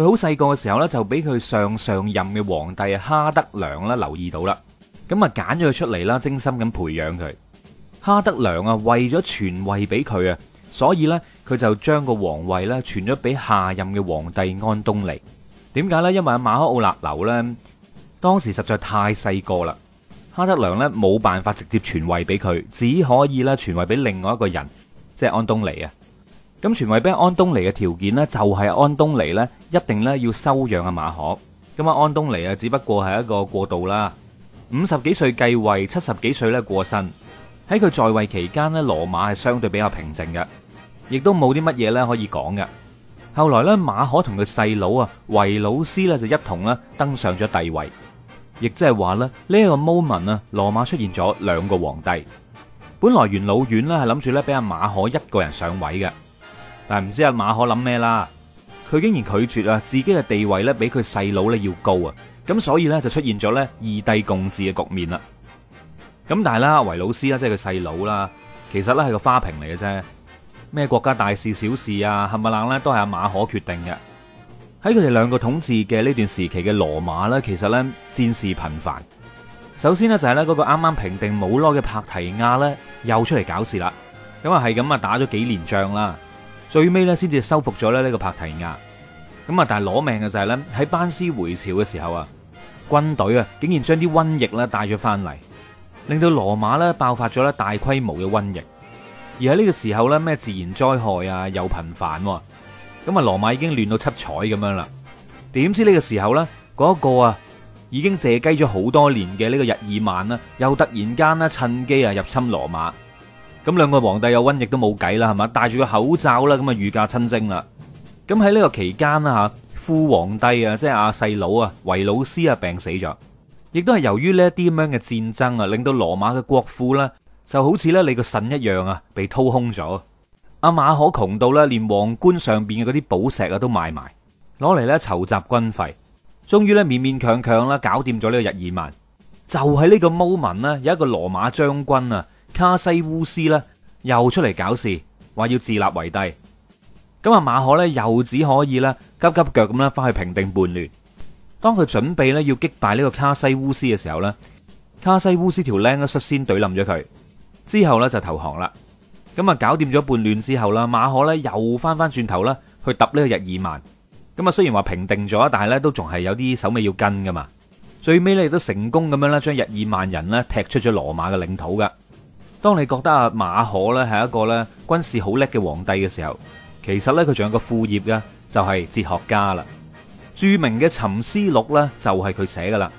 佢好細個嘅時候呢，就俾佢上上任嘅皇帝哈德良啦留意到啦，咁啊揀咗佢出嚟啦，精心咁培養佢。哈德良啊，為咗傳位俾佢啊，所以呢佢就將個皇位呢傳咗俾下任嘅皇帝安東尼。點解呢？因為馬可奧勒留呢當時實在太細個啦，哈德良呢冇辦法直接傳位俾佢，只可以咧傳位俾另外一個人，即係安東尼啊。咁傳位俾安東尼嘅條件呢，就係安東尼呢一定呢要收養阿馬可。咁啊，安東尼啊只不過係一個過渡啦，五十幾歲繼位，七十幾歲呢過身。喺佢在位期間呢，羅馬係相對比較平靜嘅，亦都冇啲乜嘢呢可以講嘅。後來呢，馬可同佢細佬啊維魯斯呢就一同呢登上咗帝位，亦即係話呢呢個 moment 啊，羅馬出現咗兩個皇帝。本來元老院呢係諗住呢俾阿馬可一個人上位嘅。但係唔知阿馬可諗咩啦？佢竟然拒絕啊，自己嘅地位咧比佢細佬咧要高啊，咁所以咧就出現咗咧二帝共治嘅局面啦。咁但係啦，維魯斯咧即係佢細佬啦，其實咧係個花瓶嚟嘅啫。咩國家大事小事啊，冚唪冷咧都係阿馬可決定嘅。喺佢哋兩個統治嘅呢段時期嘅羅馬咧，其實咧戰事頻繁。首先呢，就係咧嗰個啱啱平定冇耐嘅帕提亞咧又出嚟搞事啦。咁啊係咁啊打咗幾年仗啦。最尾咧，先至收復咗咧呢個帕提亞。咁啊，但係攞命嘅就係咧，喺班斯回朝嘅時候啊，軍隊啊，竟然將啲瘟疫咧帶咗翻嚟，令到羅馬咧爆發咗咧大規模嘅瘟疫。而喺呢個時候咧，咩自然災害啊又頻繁，咁啊羅馬已經亂到七彩咁樣啦。點知呢個時候咧，嗰一個啊已經借雞咗好多年嘅呢個日耳曼啦，又突然間啦趁機啊入侵羅馬。咁兩個皇帝有瘟疫都冇計啦，係嘛？戴住個口罩啦，咁啊御駕親征啦。咁喺呢個期間啦，吓副皇帝啊，即係阿細佬啊，維魯斯啊病死咗，亦都係由於呢一啲咁樣嘅戰爭啊，令到羅馬嘅國庫啦就好似咧你個腎一樣啊，被掏空咗。阿馬可窮到咧，連皇冠上邊嘅嗰啲寶石啊都賣埋，攞嚟咧籌集軍費，終於咧勉勉強強啦搞掂咗呢個日耳曼。就喺、是、呢個 moment 呢，有一個羅馬將軍啊。卡西烏斯啦，又出嚟搞事，話要自立為帝。咁啊，馬可咧又只可以啦，急急腳咁樣，翻去平定叛亂。當佢準備咧要擊敗呢個卡西烏斯嘅時候咧，卡西烏斯條僆咧率先懟冧咗佢之後咧就投降啦。咁啊，搞掂咗叛亂之後啦，馬可咧又翻翻轉頭啦，去揼呢個日耳曼。咁啊，雖然話平定咗，但係咧都仲係有啲手尾要跟噶嘛。最尾咧亦都成功咁樣啦，將日耳曼人咧踢出咗羅馬嘅領土噶。當你覺得阿馬可咧係一個咧軍事好叻嘅皇帝嘅時候，其實咧佢仲有個副業嘅，就係哲學家啦。著名嘅《沉思錄》咧就係佢寫噶啦。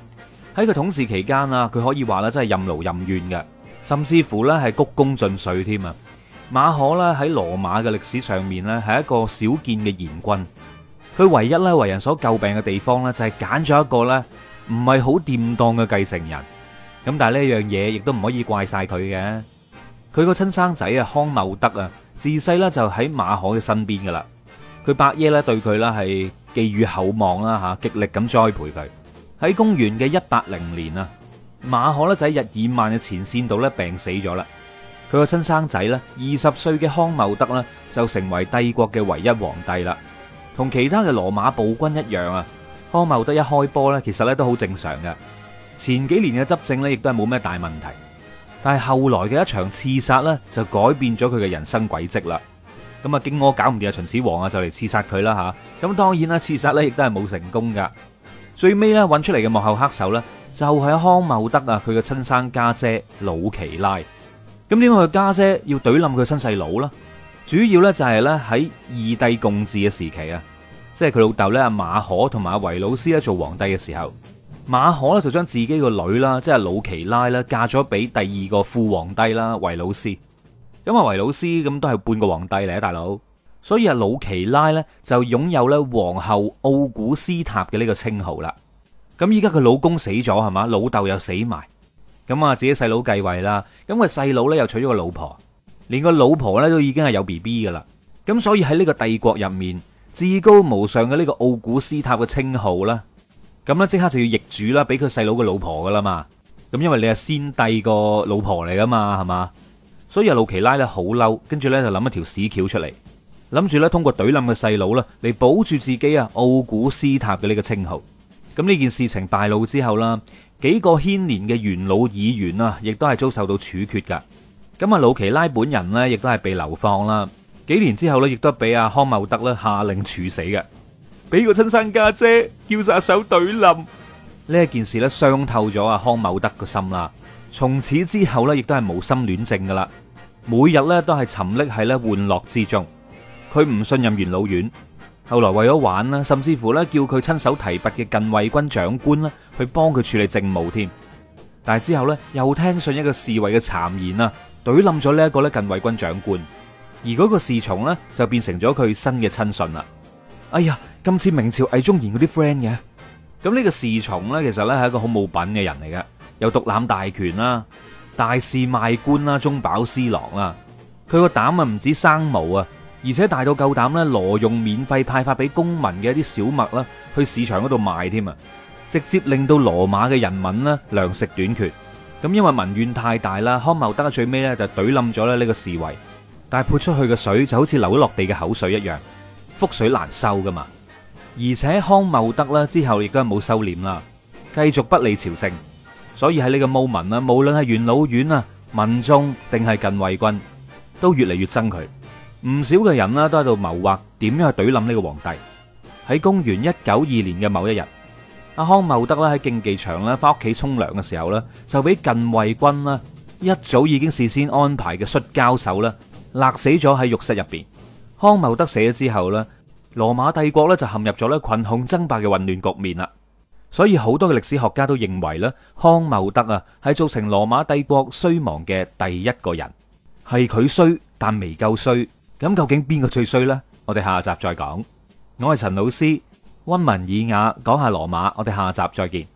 喺佢統治期間啊，佢可以話啦，真係任勞任怨嘅，甚至乎咧係鞠躬盡瘁添啊。馬可咧喺羅馬嘅歷史上面咧係一個少見嘅賢君。佢唯一咧為人所詬病嘅地方咧就係揀咗一個咧唔係好掂當嘅繼承人。咁但係呢樣嘢亦都唔可以怪晒佢嘅。佢個親生仔啊，康茂德啊，自細咧就喺馬可嘅身邊噶啦。佢伯爺咧對佢啦係寄予厚望啦吓，極力咁栽培佢。喺公元嘅一八零年啊，馬可咧就喺日耳曼嘅前線度咧病死咗啦。佢個親生仔咧二十歲嘅康茂德呢，就成為帝國嘅唯一皇帝啦。同其他嘅羅馬暴君一樣啊，康茂德一開波呢，其實呢都好正常嘅。前幾年嘅執政呢，亦都係冇咩大問題。但係後來嘅一場刺殺咧，就改變咗佢嘅人生軌跡啦。咁啊，荊軻搞唔掂啊，秦始皇啊，就嚟刺殺佢啦吓。咁當然啦，刺殺咧亦都係冇成功噶。最尾咧揾出嚟嘅幕後黑手咧，就係康茂德啊，佢嘅親生家姐魯奇拉。咁點解佢家姐要懟冧佢親細佬咧？主要咧就係咧喺二帝共治嘅時期啊，即係佢老豆咧阿馬可同埋阿維魯斯咧做皇帝嘅時候。馬可咧就將自己個女啦，即係老奇拉啦，嫁咗俾第二個副皇帝啦，維魯斯。咁啊，維魯斯咁都係半個皇帝嚟嘅，大佬，所以啊，老奇拉咧就擁有咧皇后奧古斯塔嘅呢個稱號啦。咁依家佢老公死咗係嘛，老豆又死埋，咁啊自己細佬繼位啦。咁佢細佬咧又娶咗個老婆，連個老婆咧都已經係有 BB 噶啦。咁所以喺呢個帝國入面，至高無上嘅呢個奧古斯塔嘅稱號啦。咁呢，即刻就要易主啦，俾佢細佬個老婆噶啦嘛。咁因為你係先帝個老婆嚟噶嘛，係嘛？所以阿盧奇拉咧好嬲，跟住呢就諗一條屎橋出嚟，諗住呢，通過懟冧嘅細佬呢嚟保住自己啊奧古斯塔嘅呢個稱號。咁呢件事情敗露之後啦，幾個牽連嘅元老議員啊，亦都係遭受到處決噶。咁啊盧奇拉本人呢亦都係被流放啦。幾年之後呢，亦都俾阿康茂德呢下令處死嘅。俾個親生家姐叫殺手懟冧，呢一件事咧，傷透咗阿康某德個心啦。從此之後呢亦都係冇心戀政噶啦。每日呢都係沉溺喺呢玩樂之中。佢唔信任元老院，後來為咗玩咧，甚至乎呢叫佢親手提拔嘅近衛軍長官咧去幫佢處理政務添。但係之後呢，又聽信一個侍衛嘅讒言啦，懟冧咗呢一個咧近衛軍長官，而嗰個侍從呢，就變成咗佢新嘅親信啦。哎呀！今次明朝魏忠賢嗰啲 friend 嘅，咁呢個侍從呢，其實呢係一個好冇品嘅人嚟嘅，有獨攬大權啦，大肆賣官啦，中飽私囊啦。佢個膽啊，唔止生毛啊，而且大到夠膽呢，挪用免費派發俾公民嘅一啲小麥啦，去市場嗰度賣添啊，直接令到羅馬嘅人民呢糧食短缺。咁因為民怨太大啦，康茂德最尾呢就懟冧咗啦呢個侍衛，但係潑出去嘅水就好似流落地嘅口水一樣，覆水難收噶嘛。而且康茂德呢，之後亦都係冇收斂啦，繼續不理朝政，所以喺呢個謀民啦，無論係元老院啊、民眾定係近衛軍，都越嚟越憎佢。唔少嘅人呢，都喺度謀劃點樣去懟冧呢個皇帝。喺公元一九二年嘅某一日，阿康茂德呢，喺競技場呢翻屋企沖涼嘅時候呢，就俾近衛軍啦一早已經事先安排嘅摔跤手啦勒死咗喺浴室入邊。康茂德死咗之後呢。羅馬帝國咧就陷入咗咧群雄爭霸嘅混亂局面啦，所以好多嘅歷史學家都認為咧康茂德啊係造成羅馬帝國衰亡嘅第一個人，係佢衰但未夠衰，咁究竟邊個最衰呢？我哋下集再講。我係陳老師，溫文爾雅講下羅馬，我哋下集再見。